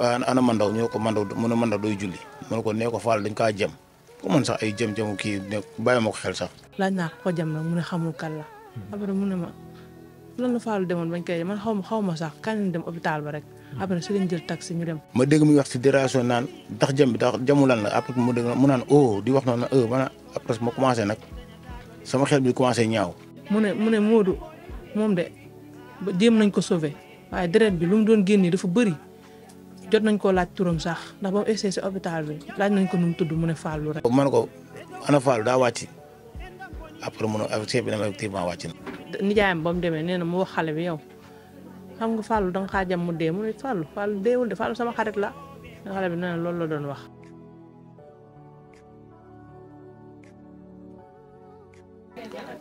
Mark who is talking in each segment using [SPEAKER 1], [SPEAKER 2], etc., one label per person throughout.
[SPEAKER 1] ana mandaw ñu ko mandaw mu a mandaw doy julli mu a ko nee ko faal dañ kaa jëm ku mën sax ay jëm jëmu kii ne bàyyi ma ko xel sax.
[SPEAKER 2] laaj naa ko ko jëm nag mu ne xamul kan la. après mu ne ma lan la faalu demoon bañ koy man xaw ma xaw ma sax kan lañ dem hôpital ba rek. après si lañ jël taxi ñu dem.
[SPEAKER 1] ma dégg muy wax si dération naan oh, noonu oh, après ma commencé nag sama xel bi commencé ñaaw.
[SPEAKER 2] mu ne mu ne Modou moom de ba nañ ko sauver waaye deret bi lu doon génnee dafa bëri. jot nañ koo laaj turam sax ndax ba mu si hôpital bi laaj nañ ko nu mu tudd mu ne Fallou rek.
[SPEAKER 1] man ko ana Fallou daa wàcc après mu ne chef bi ne ma effectivement wàcc na.
[SPEAKER 2] nijaayam ba mu demee nee na mu wax xale bi yow xam nga Fallou da nga mu dee mu ne Fallou Fallou deewul de Fallou sama xarit la xale bi nee na loolu la doon wax.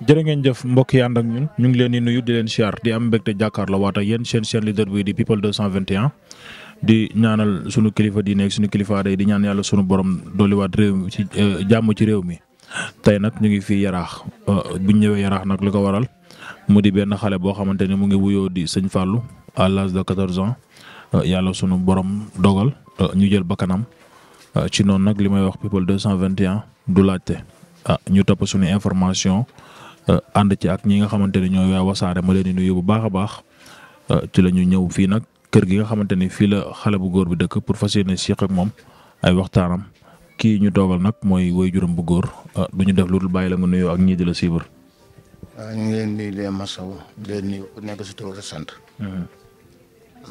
[SPEAKER 3] jërë ngeen jëf mbokk yi ànd ak ñun ñu ngi leen di nuyu di leen siyaar di am mbégte jàkkaarloo waat ak yéen seen seen leader bi di people 221. di ñaanal sunu kilifa diine ak sunu kilifa day di ñaan yàlla sunu borom dolliwaat réew mi ci eh, jàmm ci réew mi. tey nag ñu ngi fii yaraax eh, bu ñëwee yaraax nag li ko waral mu di benn xale boo xamante ni mu ngi wuyoo di sëñ fàllu à l'âge de ans eh, yàlla sunu borom dogal ñu jël bakkanam ci noonu nag li may wax people 221 du laajte ah ñu topp suñu information ànd ci ak ñi nga xamante ne ñooy waa wasaare ma leen di nuyu bu baax a baax ci la ñu ñëw fii nag kër gi nga xamante ni fii la xale bu góor bi dëkk pour fas yéene siq ak moom ay waxtaanam kii ñu doogal nag mooy woy juróom bu góor ah, du ñu def lu dul bàyyi la nga nuyoo ak ñii di la siibar.
[SPEAKER 1] Ah, leen leen masaw di leen ku nekk si tur sant. Hmm.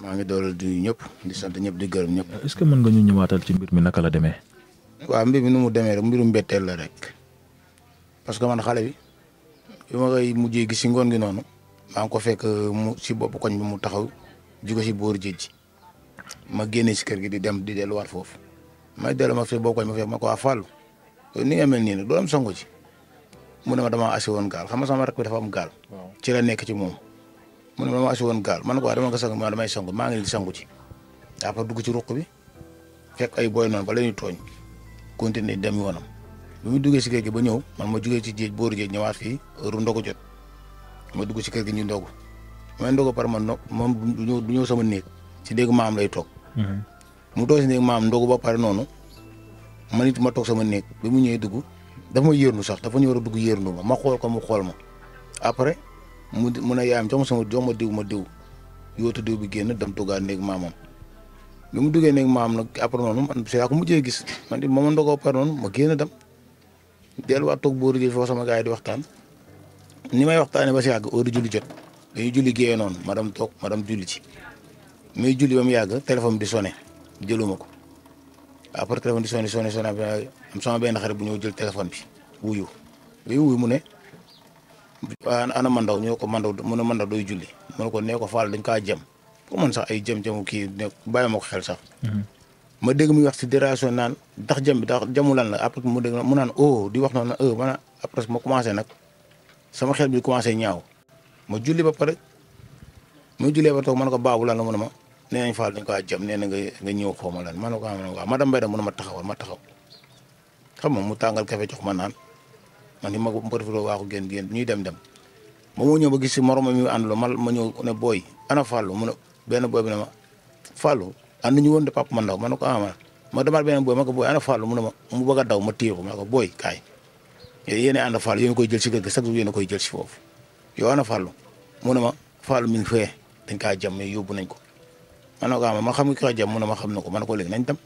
[SPEAKER 1] maa ngi dooleel di ñëpp di sant ñëpp di gërëm ñëpp.
[SPEAKER 3] ce que mën nga ñu ñëwaatal ci mbir mi naka la demee.
[SPEAKER 1] waaw mbir mi nu mu demee rek mbiru mbetteel la rek parce que man xale bi yu ma koy mujjee gis si ngoon gi noonu maa ngi ko fekk mu si bopp koñ bi mu taxaw jugo si boor géej gi ma génne si kër gi di dem di delluwaat foofu may dellu ma fi boo koy ma fekk ma ko waa Fallou ni nga mel nii nag doo am songo ci mu ne ma damaa asi woon gaal xam nga sama rakk bi dafa am gaal. ci la nekk ci moom. ma damaa asi woon gaal man ko waa dama ko sang ma damay songu maa ngi di sangu ci après dugg ci ruq bi fekk ay booy noonu ba la ñuy tooñ continuer dem yoonam bi mu duggee si kër gi ba ñëw man ma jugee ci géej booru géej ñëwaat fii heure ndogu jot ma dugg ci kër gi ñu ndogu ma ndogu par man no moom du ñëw sama néeg si dégg maam lay toog. Mhm. mu toog si maam ndogu ba pare noonu man it ma toog sama néeg bi mu ñëwee dugg dafa ma yërnu sax dafa ñu war a dugg yërnu ma ma xool ko mu xool ma après mu di mu ne yaayam jox ma sama diw ma diw yootu diw bi génn dem tuggaat néeg maamam. bi mu duggee néeg maam nag après noonu man c'est ko mujjee gis man it ma ma ndogoo par noonu ma génn dem delluwaat toog booru ji foofu sama gars di waxtaan ni may waxtaanee ba si yàgg heure julli jot. dañuy julli géeyee noonu ma dem toog ma dem julli ci muy julli ba mu yàgg téléphone di sonné jëluma ko après téléphone di sonné sonné sonné am sama benn xarit bu ñëw jël téléphone bi wuyu bi mu ne ana mandaw ñu ko mandaw mu ne mandaw doy julli mu ne ko nee ko faal dañ kaa jëm ko man sax ay jëm-jëmu kii ne xel sax
[SPEAKER 4] mhm.
[SPEAKER 1] dégg muy wax si dération naan ndax jëm bi ndax jëmu la après mu dégg oh, di wax noonu na oh, e ma commencé nag sama xel bi commencé ñaaw ma julli ba pare mu jullee ba toog ma ne ko baabu lan la mu ne ma nee nañ faal dañ ko jëm nee na nga nga ñëw xaw ma lan ma ne ko ah ma ne ko ah madame Mbaye ma taxawal ma taxaw xam nga mu tàngal kafe jox ma naan man ni ma ko profité waaxu génn génn ñuy dem dem. ba moo ñëw ba gis si moromam mi ànduloo ma ma ñëw ne booy ana Fallou mu ne benn booy bi ne ma Fallou ànd ñu woon de papa man ndaw ma ne ko ah ma ma demaat beneen booy ma ko booy ana Fallou mu ne ma mu bëgg a daw ma téye ko ma ne ko booy kaay yéen a ànd Fallou yéen koy jël si kër gi chaque jour yéen a koy jël si foofu yow ana Fallou mu ne ma Fallou mi ngi fee dañ kaa jam mais yóbbu nañ ko man nag ah, ma xam nga ko jam mu ne ma xam na ko man ko léegi nañ dem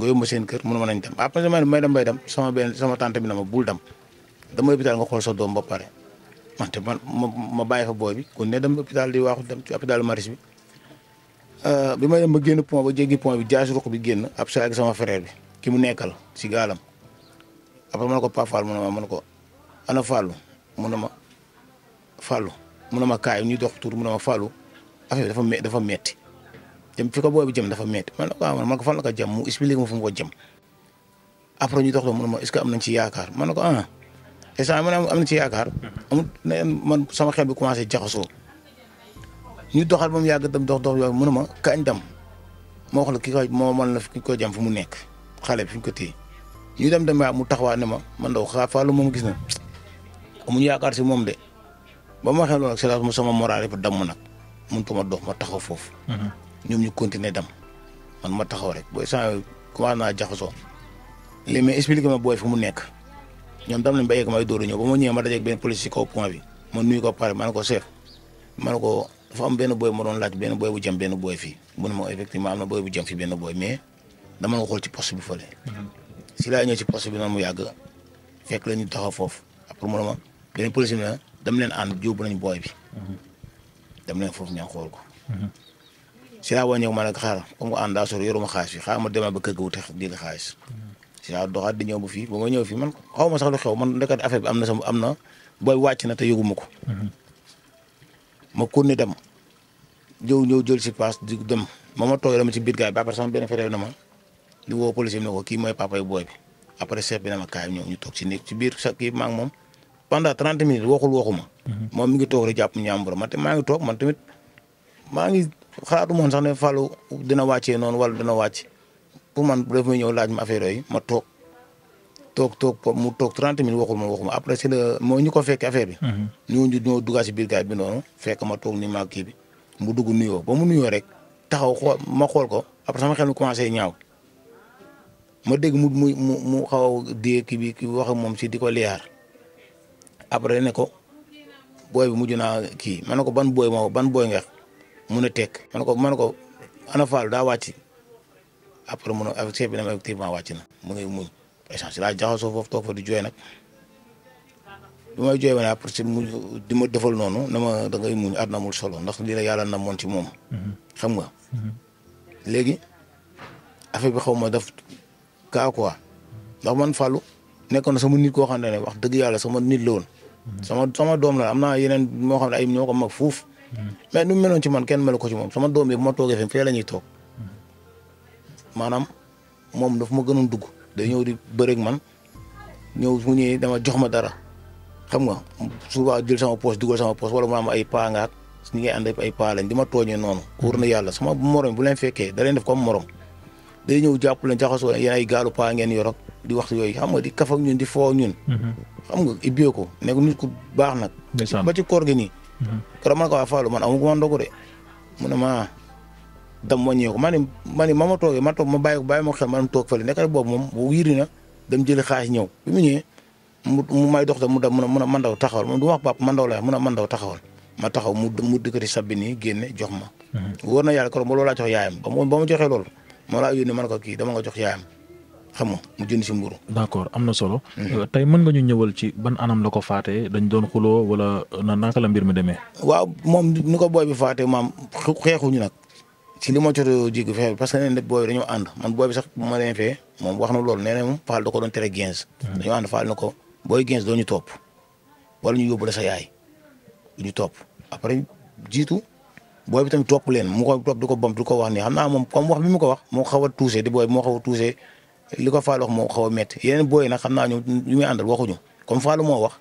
[SPEAKER 1] nga yóbbu ma seen kër mu ne ma nañ dem après may may dem bay dem sama benn sama tante bi na ma bul dem dama hôpital nga xool sa doom ba pare man te man ma bàyyi fa booy bi kon ne dem hôpital di waaxu dem ci hôpital Maris bi euh, bi may dem ba génn pont ba jéggi pont bi jaasi roq bi génn ab sa ak sama frère bi ki mu nekkal si gaalam après ma ne ko Pa Fall mu ne ma ma ne ko ana Fallou mu ne ma Fallou mu a ma kaay ñu dox tuur mu ne ma Fallou affaire dafa me dafa metti jëm fi ko booy bi jëm dafa metti man la ko ah man ko fan la ma fu mu ko jëm après ñu dox ma est ce que am nañ ci yaakaar man la ko ah instant man am nañ ci yaakaar. amul ne man sama xel bi commencé jaxasoo ñu doxal ba mu yàgg dem dox dox yooyu mu ne ma kañ dem ma wax la ki ko jëm fu mu nekk xale bi fi ñu ko téye ñu dem dem mu taxawaat ne ma man daw xaar Fallou moom gis na amuñu yaakaar si moom de. ba ma waxee loolu ak silence mu sama moral yëpp damm nag taxaw foofu. Mhm. ñoom ñu continuer dem man ma taxaw rek booy saa yooyu commencé naa jaxasoo léegi mais expliqué ma booy fu mu nekk ñoom dam nañ ba yegg may a ma ñëwee ma dajeeg benn police ci kaw point bi ma ko pare ma ko chef ma ko dafa benn booy ma doon laaj benn booy bu jëm benn booy fii mu ne ma effectivement am na benn booy mais dama nga xool ci bi fële. Mhm. si la ñëw ci poste bi noonu mu yàgg fekk la ñu taxaw foofu après mu ne ma beneen police bi ne dam leen ànd jóobu nañ booy bi dam leen foofu ngeen xool ko si laa wàññeeku ma ne ko xaaral comme que ànd daa sori yoruma xaalis bi xaaral ma demal ba kër ga wuti di la xaalis si doxaat di ñëw ba fii ba ma ñëw fii man xaw ma sax lu xew man ndekete affaire bi am na sama am na booy wàcc na te yëguma ko ma kon ni dem ñëw ñëw jël si paas di dem ma ma toog dama ci biir gaay bi après sama na ma di woo policier bi ne ko kii mooy papa yu booy après chef bi na ma kaay ñëw ñu toog si ci biir sa kii maa moom pendant trente minutes waxul waxuma. Mhm. moom mi ngi toog rek jàpp ñaambur man te maa ngi toog man tamit maa ngi xalaatu moon sax ne Fallou wàccee noonu wala dina wàcc pour man daf may ñëw laaj ma affaire yooyu ma toog toog toog mu toog trente minutes waxul ma waxuma après c'est moo ko fekk affaire bi. Mhm. ñooñu bi noonu fekk ma toog ni maa kii bi mu dugg nuyoo ba mu nuyoo rek taxaw xool ma xool ko après sama xel mi ñaaw ma dégg mu mu mu xaw a dee kii bi kii wax ak moom si di ko liyaar après ne ko booy bi mujj naa kii ma ne ko ban booy moo ban booy nga mun a tekk ma ko ma ne ko ana faal daa wàcc après mun bi ne ma wàcc na mu ngi jaxasoo foofu di jooy nag may jooy ma mu di ma defal noonu na ma da ngay muñ àdduna amul solo ndax lii la yàlla na ci moom. Mhm. xam nga. Mhm. léegi affaire bi xaw ma daf kaa quoi ndax man Fallou nekkoon na sama nit koo xam wax dëgg yàlla sama nit la sama sama doom la am naa yeneen moo xam ne ay ñoo ko mag fuuf. mais nu meloon ci man kenn melu ko ci moom sama doom bi bu ma toogee fi fee la toog maanaam moom daf ma gënoon dugg day ñëw di bëreeg man ñëw mu ñëwee dama jox ma dara xam nga souvent jël sama poche dugal sama poche wala mu am ay paa ngaak ñi ngay ànd ay paa lañ di ma tooñee noonu. wóor na yàlla sama morom bu leen fekkee da leen def comme morom day ñëw jàpp leen jaxasoo yéen ay gaalu paa ngeen yorok di wax yooyu xam di kaf ak ñun di foo ñun. Mm-hmm. xam nga ibbee ko nekk nit ku baax nag. ba ci koor gi nii. Mhm. keroog man ko waa Fallou man a ko ma ndogu de mu ma dam wàññeeku ma ne ma ne ma ma toog ma ko bàyyi ma xel ma dem toog fële nekk rek boobu moom wiiri na dem jëli xaalis ñëw bi mu ñëwee mu may dox tam mu dem mu ne man daw taxawal moom du wax papa man laa mu ne man daw taxawal ma taxaw mu mu dikkati sabbi nii génne jox ma. Mhm. wóor na yàlla keroog ma loolaa jox yaayam ba ma joxee loolu ma laa yónnee man ko kii dama nga jox yaayam. xam nga mu jënd si mburu
[SPEAKER 3] d' accord am na solo. Euh, tey mën nga
[SPEAKER 1] ñu ñëwal ci ban anam la ko faatee dañ doon xuloo wala euh, na la mbir mi demee. waaw moom ni ko booy bi faatee maam xeexuñu nag ci li ma jot a jéggi fexe parce que nee na booy bi dañoo ànd man booy sax moom wax na loolu nee na moom Fall da ko doon tere gens. dañoo ànd ñu topp wala ñu yóbbu la sa yaay ñu topp après jiitu. booy bi tamit topp leen mu ko topp di ko bam di ko wax ni xam naa moo xaw tuusee di booy moo xaw tuusee li ko Fallou wax moo xaw a métti yeneen booy nag xam naa ñu ñu muy àndal waxuñu comme Fallou moo wax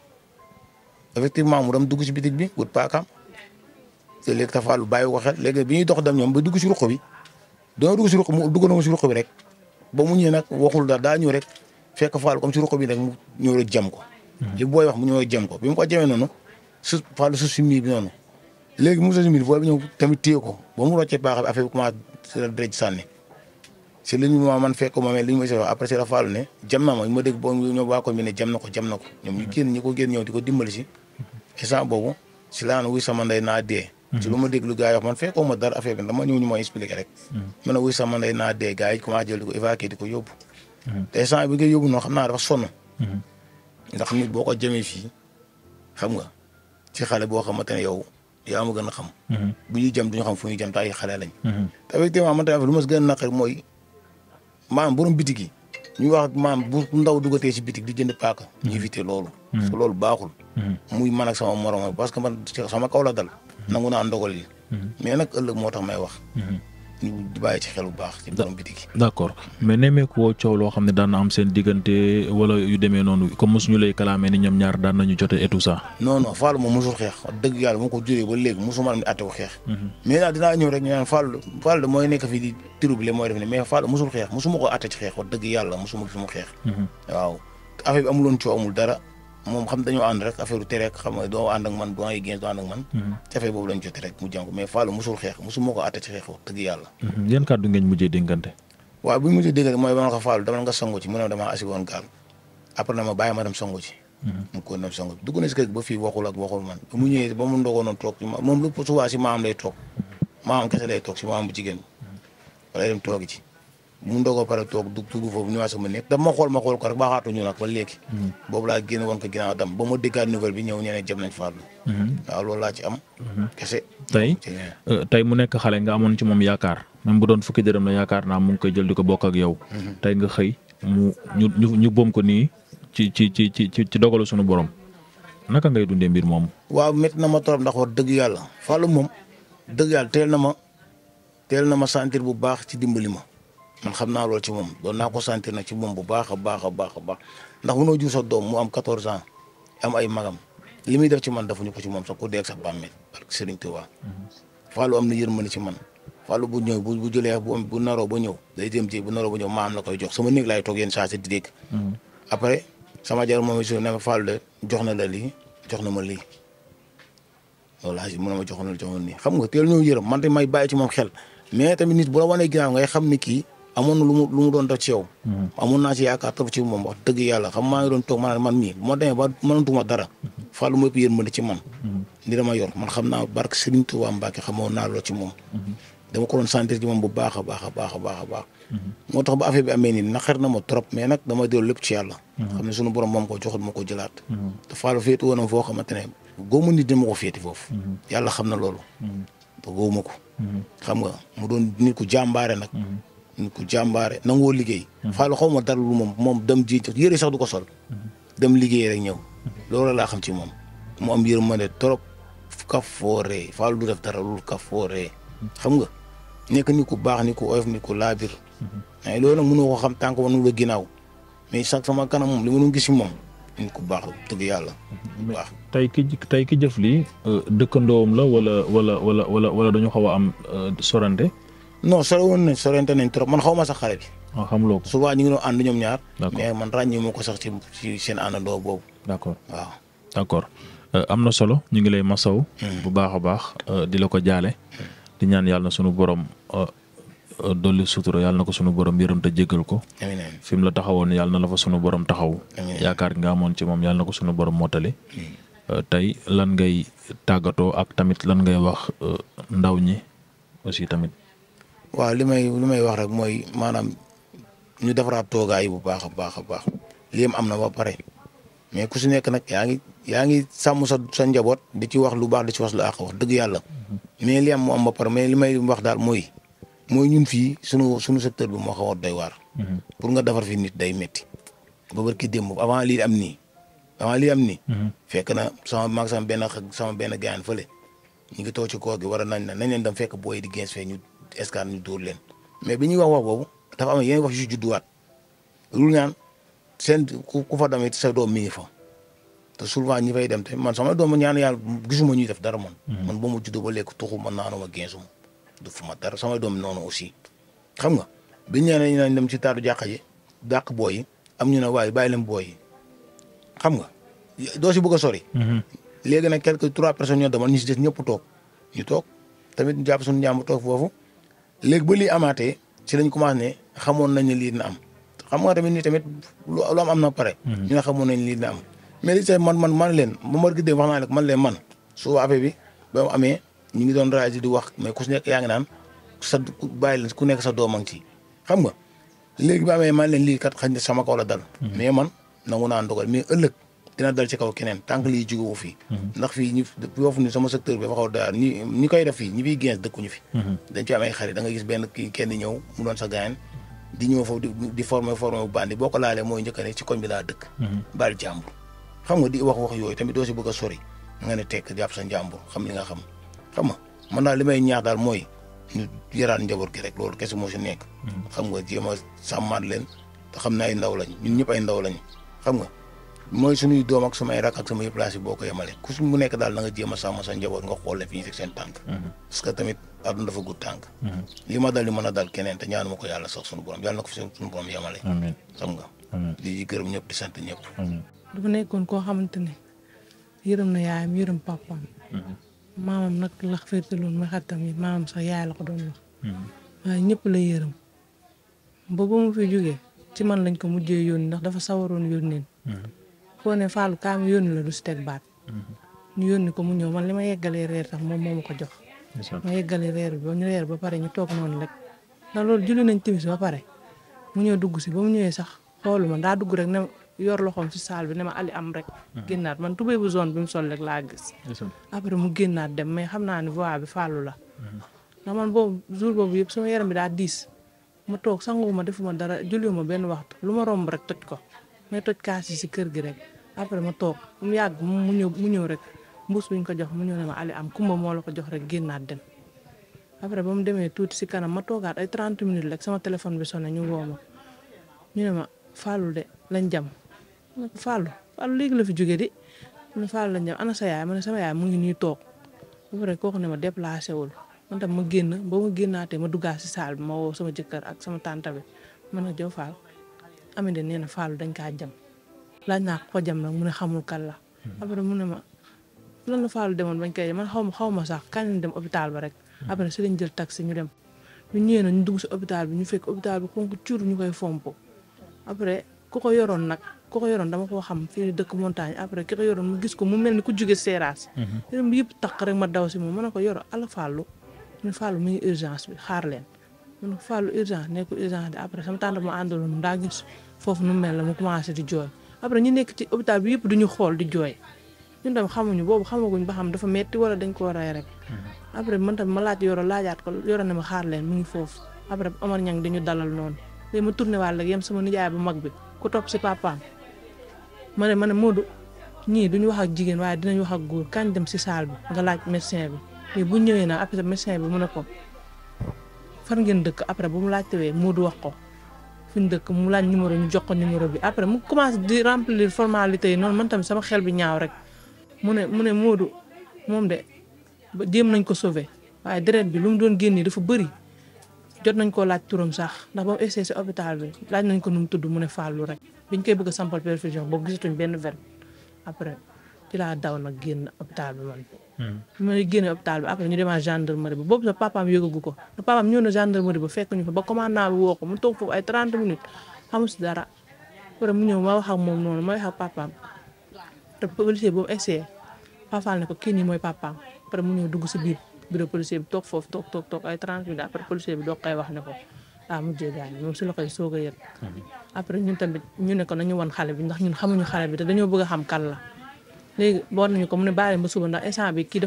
[SPEAKER 1] effectivement mu dem dugg si bitig bi wut paakaam te léegi ta Fallou bàyyi ko xel léegi bi ñuy dox dem ñoom ba dugg si ruq bi doo dugg si ruq mu dugg na si ruq bi rek ba mu ñëwee nag waxul daal daa ñëw rek fekk Fallou comme si ruq bi rek mu ñëw rek jam ko. Hmm. li booy wax mu ñëw jëm ko bi mu ko jëmee noonu su Fallou su summi bi noonu léegi mu sa summi booy bi ñëw tamit ko boo mu roccee paax bi affaire bi commencé dërëj sànni si li ñu ma man fekk ma mais li si la jam na ma ñu ma dégg boo ñoom waa ko bi ne jam na jam na ko di ko dimbali si boobu si laa ne wuy sama ndey dee si lu ma dégg lu gars yi wax man fekkoo ma dara affaire bi dama ñëw ñu ma expliqué rek ma ne wuy sama ndey naa dee gars yi commencé jël di ko évacuer di ko yóbbu te instant bi nga yóbbu noonu xam naa dafa sonn ndax nit boo ko jëmee fii xam nga ci xale boo xamante ne yow yaa ma gën a xam mhm. ñuy jëm duñu xam fu ñuy jëm te ay xale lañ mhm. lu ma gën a naqari mooy maam borom bitig yi ñu wax maam bu ndaw dugatee si bitig di jënd paaka. ñu hmm. éviter loolu. Hmm. parce que loolu baaxul. Hmm. muy man ak sama morom parce que man sama kaw la dal. nangu naa ndogal mais nag ëllëg moo tax may wax. nit ñi di bàyyi ci xel bu baax. ci borom bitig
[SPEAKER 3] gi d' accord mais nemmeeku woo coow loo xam ne daan na am seen diggante wala yu demee noonu comme mosuñu lay kalaamee ni ñoom ñaar daan mhm.
[SPEAKER 1] ñu naan Fallou Fallou mooy nekk mosul xeex mosuma dëgg yàlla mosuma gis xeex. Mhm. waaw amuloon coow amul dara moom xam dañoo ànd rek affaire tere rek xam nga doo ànd ak man doo ay génn doo ànd ak man. jafe mhm. boobu lañ jotee rek mu jàng mais Fallou musul xeex musul moo ko àtte ci xeex wax dëgg yàlla.
[SPEAKER 3] Mhm. yan kàddu ngeen mujjee dénkante.
[SPEAKER 1] waaw bu mujjee dénkante mooy ba ma ko Fallou dama nga songu ci mu ne damaa asi woon gaal après na ma bàyyi ma dem songu ci. Mhm. mu ko dem songu dugg na si kër ba fii waxul ak waxul man ba mu ñëwee ba mu ndogoo noonu toog moom lu souvent si maam lay toog maam kese toog ci mu ndogoo pare toog dug dugg foofu ñëwaat sama nekk daf ma xool ma xool ko rek baaxaatuñu nag ba léegi hmm. boobu laa génn woon ko ginnaaw tam ba ma déggaat nouvelle bi ñëw ñeneen jëm nañ Fallou hmm. waaw loolu laa ci am hmm. kese tey
[SPEAKER 3] euh, tey mu nekk xale nga amoon ci moom yaakaar même bu doon fukki dërëm na yaakaar naa mu ngi koy jël di ko bokk ak yow tey nga xëy mu ñu ñu boom ko nii ci ci ci ci ci dogalu suñu borom naka ngay dundee mbir moom
[SPEAKER 1] waaw métti na ma torop ndax wax dëgg yàlla Fallou moom dëgg yàlla teel na ma teel na ma sentir bu baax ci dimbali ma man xam naa loolu ci moom doon naa ko sentir nag ci moom bu baax a baax a baax a baax ndax mënoo jur sa doom mu am 14 ans am ay magam li muy def ci man defuñu ko ci moom sax ku dee ak sa bàmmeel parce que Serigne Touba. Fallou am na yërmande ci man Fallou bu ñëw bu bu jëlee bu am bu naroo ba ñëw day dem ci bu naroo ba ñëw maa la koy jox sama néeg laay toog yenn di dégg. après sama jar moom si ne ma Fallou de jox na la lii jox na ma lii loolu laa si mën na ma joxoon joxoon nii xam nga teel ñoo yërëm man te may bàyyi ci moom xel mais tamit nit bu la wanee ginnaaw ngay xam ni kii amoon na lu mu lu doon def ci yow. Hmm. amoon naa ci yaakaar trop ci moom wax dëgg yàlla xam maa ngi doon toog maanaam man mii bu ma demee ba mënatuma dara. Hmm. Fallou mooy yërmande ci man. ni hmm. dama yor man xam naa barke Serigne Touba Mbacke xamoo naa loo ci moom. dama ko doon sentir ci moom bu baax a baax a baax a baax a baax. moo tax ba affaire bi amee nii naqar na ma trop mais nag dama dellu lépp ci yàlla. xam ne sunu borom moom ko joxul ma ko jëlaat. te Fallou féete woon na foo xamante ne góobu nit dama ko foofu. yàlla xam na loolu. te góobu ma ko. xam nga mu doon nit ku jàmbaare nag nit ku jàmbaare nangoo liggéey. Fallou xaw ma dara lu moom moom dem ji yëre sax du ko sol. dem liggéey rek ñëw. loolu laa xam ci moom. mu am yërmande trop kafooree Fallou du def dara lu kafooree. xam nga nekk nit ku baax nit ku oyof nit ku laabir. mais loolu nag mënoo xam tànk wanu la ginnaaw mais sax sama kanam moom li ma doon gis ci moom nit ku baax la dëgg yàlla.
[SPEAKER 3] baax tey ki tey ki jëf lii euh, dëkkandoom la wala wala
[SPEAKER 1] wala wala dañu xaw a am euh, sorante. non sore woon nañ sorente nañ trop man xaw ma sax xale bi. waaw xamuloo ko souvent ñu ngi doon ànd ñoom ñaar. mais man ràññee moo ko sax ci ci seen boobu.
[SPEAKER 3] d' accord euh, am na solo ñu ngi lay masaw. Hmm. bu baax a baax euh, di la ko jaale. Hmm. di ñaan yàlla na sunu borom euh, dolli sutura yàlla na ko sunu borom yërëm te jéggal ko. amiin fi mu la taxawoon yàlla na la fa sunu borom taxaw. yaakaar nga amoon ci moom yàlla na ko sunu borom mottali. Hmm. tey lan ngay tàggatoo ak tamit lan ngay wax ndaw ñi aussi tamit.
[SPEAKER 1] waaw li may li may wax rek mooy maanaam ñu defaraat toogaay bu baax a baax a baax lii am na ba pare mais ku si nekk nag yaa ngi yaa ngi sàmm sa sa njaboot di ci wax lu baax di ci wax lu àq wax dëgg yàlla mais li am mu am ba pare mais li may wax daal mooy mooy ñun fii sunu sunu secteur bi moo xaw a doy waar. Mhm. pour nga defar fi nit day métti. ba barki démb avant lii am nii avant lii am nii. Mhm. fekk na sama maag sama benn sama benn gaan fële ñu ngi toog ci koor gi war a nañ na nañ leen da fekk booy di gens fee ñu escadre ñu dóor leen mais bi ñuy wax wax boobu dafa am yeneen wax yu judduwaat lu ñaan seen ku fa demee sa doom mi ngi fa te souvent ñi fay dem te man sama doom ñaan yàlla gisuma ñuy def dara man. Hmm. man boo ma juddoo ba lekk tuxu man naanuma geesuma du fa ma dara sama doom noonu aussi xam nga biñ nee nañ nañ dem ci taatu jàkka ji dàq booy yi am ñu ne waaye ba leen booy yi nga doo si bëgg a sori. Hmm. léegi nag quelque trois personnes ñoo demoon ñu si des ñëpp toog ñu toog léegi ba lii amaatee ci lañ commencé ne xamoon nañ ne lii dina am xam nga tamit ni tamit lu am am na pare. Mhm. ñu ne xamoon nañ lii na am. mais li ci man man man leen ba ma gis wax naa leen man leen man su affaire bi ba mu amee ñu ngi doon rajo di wax mais ku si nekk yaa ngi naan sa bàyyi leen ku nekk sa doomam ci xam nga léegi ba amee man leen lii kat xañ na sama kaw la dal. Mhm. mais man nangu naa ndogal mais ëllëg dina dal ci kaw keneen tànk lii jugewu fii mhm. ndax fii ñu yoofu ni sama secteur bi ma xaw doyaar ñi ñi koy def fii ñi fiy gens dëkkuñu fi mhm. dañ fi am ay xarit da nga gis benn kii kenn ñëw mu doon sa gaayan di ñëw foofu di formé formé bu bandi boo ko laalee mooy njëkk ne ci koñ bi laa dëkk mhm. baal jàmbur xam nga di wax wax yooyu tamit doo si bëgg a sori nga ne tekk jàpp sa njàmbur xam li nga xam xam nga man naa li may ñaax daal mooy ñu yaraan njaboot gi rek loolu kes moo si nekk xam nga jéema sàmmaat leen te xam ne ay ndaw lañ ñun ñëpp ay ndaw lañ xam nga mooy suñuy doom ak samay rak ak samay place boo ko yemale ku mu nekk daal na nga jéem a sàmm sa njaboot nga xool la fi ñu teg seen tànk. Mhm. parce que tamit àdduna dafa gudd tànk. Mhm. li ma dal li mën a dal keneen te ñaanu ma ko yàlla sax suñu borom yàlla na ko fi suñu borom yemale. amiin xam ñëpp di sant ñëpp.
[SPEAKER 2] dafa nekkoon koo xamante ne yërëm na yaayam yërëm papaam. Mhm. maamam nag la féetaloon ma xaritam yi maamam sax yaay la ko doon ñëpp la yërëm ba ba mu fi jógee si man lañ ko mu yónni ndax dafa sawaroon yónneen foo ne Fallou kaa mu la du si baat. Mm-hmm. ñu yónni ko mu ñëw man li ma yeggalee reer sax moom moo ko jox. ma yeggalee reer bi ba ñu reer ba pare ñu toog noonu rek. ndax loolu julli nañ timis ba pare mu ñëw dugg si ba mu ñëwee sax xoolu ma daa dugg rek ne yor loxoom si saal bi ne ma ali am rek. Mm-hmm. génnaat man tubéy bu zone bi mu sol rek laa gis. après mu génnaat dem mais xam naa ne voie bi Fallou la.
[SPEAKER 4] Mm-hmm.
[SPEAKER 2] ndax man boobu jour boobu yëpp sama yaram bi daa diis. ma toog sanguma defuma dara ma benn waxtu lu ma rek toj ko may toj kaas yi si kër gi rek. après ma toog mu yàgg mu ñëw mu ñëw rek mbuus bi ñu ko jox mu ñëw na ma Aliou am kumba moo la ko jox rek génnaat dem après ba mu demee tuuti si kanam ma toogaat ay 30 minutes rek sama téléphone bi sonné ñu woo ma ñu ne ma Fallou de lañ jam Fallou Fallou léegi la fi jógee di mu ne lañ jam ana sa ma ne yaay mu ngi nii toog après kooku ne ma déplacé wul man tam ma génn ba mu génnaate ma duggaat si saal bi ma woo sama jëkkër ak sama tanta bi ma ne Diop Fall Amady nee na Fallou dañ kaa jam. laa naa ko jam nag mu ne xamul kan la. après mu ma lan la Fallou demoon xaw ma xaw ma sax kañ dem hôpital ba rek. après si lañ jël taxi ñu dem. ñu ñëwee nag ñu dugg si hôpital bi ñu fekk hôpital bi xonk cuur ñu koy fomp après ku ko yoroon nag ku ko yoroon dama koo xam fii dëkk montagne après ki ko yoroon gis ko mu mel ni ku jóge Seeraas. yërëm mhm. yëpp taq rek ma na ko yor ala mu ne Fallou mu ngi urgence bi xaar leen. mu ne Fallou urgence daa gis foofu nu mel la mu commencé di jooy. après ñu nekk ci hôpital bi yëpp ñu xool di jooy ñun tam xamuñu boobu xamaguñ ba xam dafa metti wala dañ koo rey rek.
[SPEAKER 4] Mm-hmm.
[SPEAKER 2] après man tam ma yoro laajaat ko yoro ne ma xaar leen mu ngi foofu après Omar Niang dañu dalal noonu léegi ma tourné waat rek yem sama nijaay bu mag bi ku topp si papaam ma ne ma ne Modou ñii duñu wax ak jigéen waaye dinañ wax ak góor kañ dem si salle bi nga laaj messin bi mais bu ñëwee nag après médecin bi mu ne ko fan ngeen dëkk après bu mu laajtewee Modou wax ko. fi mu dëkk mu laaj numéro ñu jox ko numéro bi après mu commencé di remplir formalité yi noonu man tamit sama xel bi ñaaw rek mu ne mu ne Modou moom de ba jéem nañ ko sauver waaye deret bi lu mu doon génnee dafa bëri jot nañ ko laaj turam sax ndax ba mu essayé si hôpital bi laaj nañ ko nu mu tudd mu ne Fallou rek biñ koy bëgg a sampal perfusion boobu gisatuñ benn ven après ci laa daw nag génn hôpital bi man. bi may génne hôpital bi après ñu demaat gendarmerie bi boobu sa papaam yëgagu ko sa papaam ñëw na gendarmerie ba fekk ñu fa ba commandant bi woo ko mu toog foofu ay 30 minutes xamu si dara après mu ñëw ma wax ak moom noonu ma wax ak papaam te policier boobu essayé faafaal ne ko kii nii mooy papaam après mu ñëw dugg si biir bureau policier bi toog foofu toog toog toog ay 30 minutes après policier bi doog koy wax ne ko ah mujjee gaañ moom si la koy soog a yëg après ñun tamit ñu ne ko nañu wan xale bi ndax ñun xamuñu xale bi te dañoo bëgg a xam kan la léegi boo nañu ko mu ne bàyyi ba suba ndax instant bi kii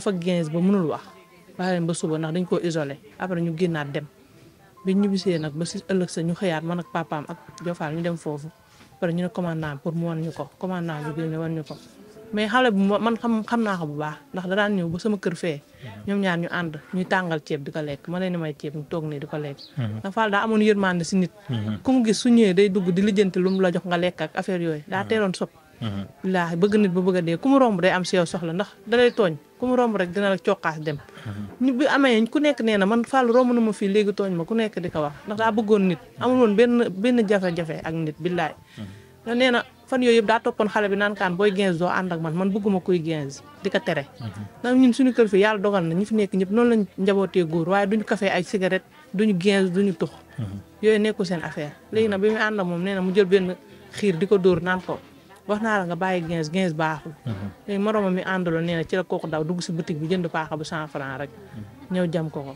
[SPEAKER 2] après ñu génnaat dem biñ ñu bisee nag ba si ëllëg sa ñu xëyaat man ak papaam ak jofaal ñu dem foofu après ñu ne commandant pour mu wan ñu ko commandant bi génne ko mais xale bu man xam xam naa ko bu baax ndax da daan ñëw ba sama kër fee ñoom ñaar ñu ànd ñu tàngal ceeb di ko lekk ma leen ni may ceeb ñu toog nii di ko lekk mhm. ndax Fall daa amoon yërmande si nit mhm. ku gis su ñëwee day dugg di lijjanti lu mu la jox nga lekk ak yooyu daa teeloon sopp wallaahi bëgg nit bu bëgg a dee ku mu romb day am si yow soxla ndax dalay tooñ ku mu romb rek dina la coqaas dem ñu bi amee ku nekk nee na man Fall romb na ma fii léegi tooñ ma ku nekk di ko wax ndax daa bëggoon nit amul woon benn benn jafe ak nit billaay da nee na fan yooyu yëpp daa xale bi naan kaan booy 15 doo ànd ak man man bëgguma kuy 15 di ko tere ndax ñun suñu kër fi yàlla dogal na ñu fi nekk ñëpp noonu lañ njabootee góor waaye duñu café ay cigarette duñu du ñu tux mhm. yooyu nekku seen affaire léegi nag bi mu ànd ak moom nee na mu jël benn xiir di ko dóor naan ko wax naa la nga bàyyi quinze quinze baaxul mhm. léegi moroomam mi àndaloon nee na ci la kooku daw dugg si tik bi jënd paaka bu cent franc rek mhm. ñëw jam ko ko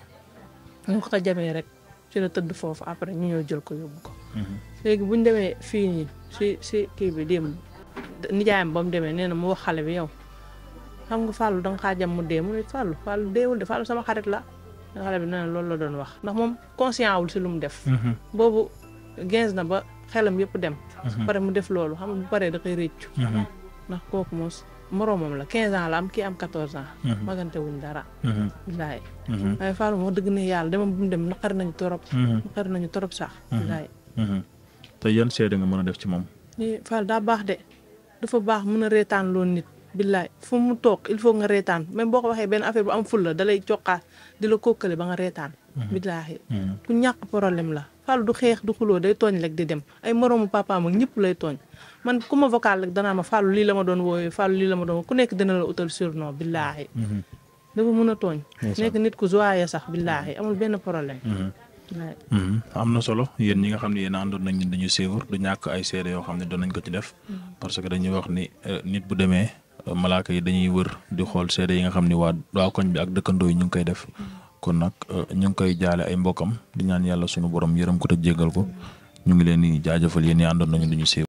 [SPEAKER 2] ñu ko ko jamee rek ci la tëdd foofu après ñu ñëw jël ko yóbbu ko mhm. léegi buñ demee fii nii si si kii bi démb nijaayam ba mu nee na mu wax xale bi yow xam nga Fallou danga xaa jam mu dee mu ne Fallou Fallou deewul de Fallou sama xarit la xale bi nee na loolu la doon wax ndax moom conscient wul si lu mu def boobu 15 na ba xelam yëpp dem. Mhm. pare mu def loolu xam bu paree da koy réccu. Mhm. ndax kooku moos moroomam la 15 ans la am kii am 14 ans. Mhm. magante wuñ dara. bilaay. waaye Fallou wax dëgg ne yàlla dama bu mu dem naqari nañu torop. naqari nañu torop sax. bilaay.
[SPEAKER 3] te yan seede nga mën a def ci moom.
[SPEAKER 2] Fallou daa baax de dafa baax mën a reetaan loolu nit. billaay fu mu toog il faut nga reetaan même boo ko waxee benn affaire bu am ful la da lay coqaas di la kokkale ba nga reetaan. Mhm. billaahi ku mhm. ñàkk problème la Fallou du xeex du xuloo day tooñ rek di dem ay moroomu papaam ak ñëpp lay tooñ man ku ma vocal rek danaa ma fal lii la ma doon woowee fal lii la ma doon ku nekk dina la utal surnom billaahi mhm. dafa mën a tooñ nekk nit ku joyeux sax billaahi amul benn problème
[SPEAKER 3] am na solo yéen ñi nga xam ne yéen àndoon nañ ñun dañu séewur du ñàkk ay seede yoo xam ne doon nañ ko ci def parce que dañuy wax ni euh, nit bu demee euh, malaaka yi dañuy wër di xool seede yi nga xam ni waa waa ak dëkkandoo yi ñu ngi koy def kon nag euh, ñu ngi koy jaale ay mbokkam di ñaan yàlla sunu borom yërëm ko te jéggal ko ñu ngi leen di jaajëfal yéen ñi àndoon nañu ñu siiw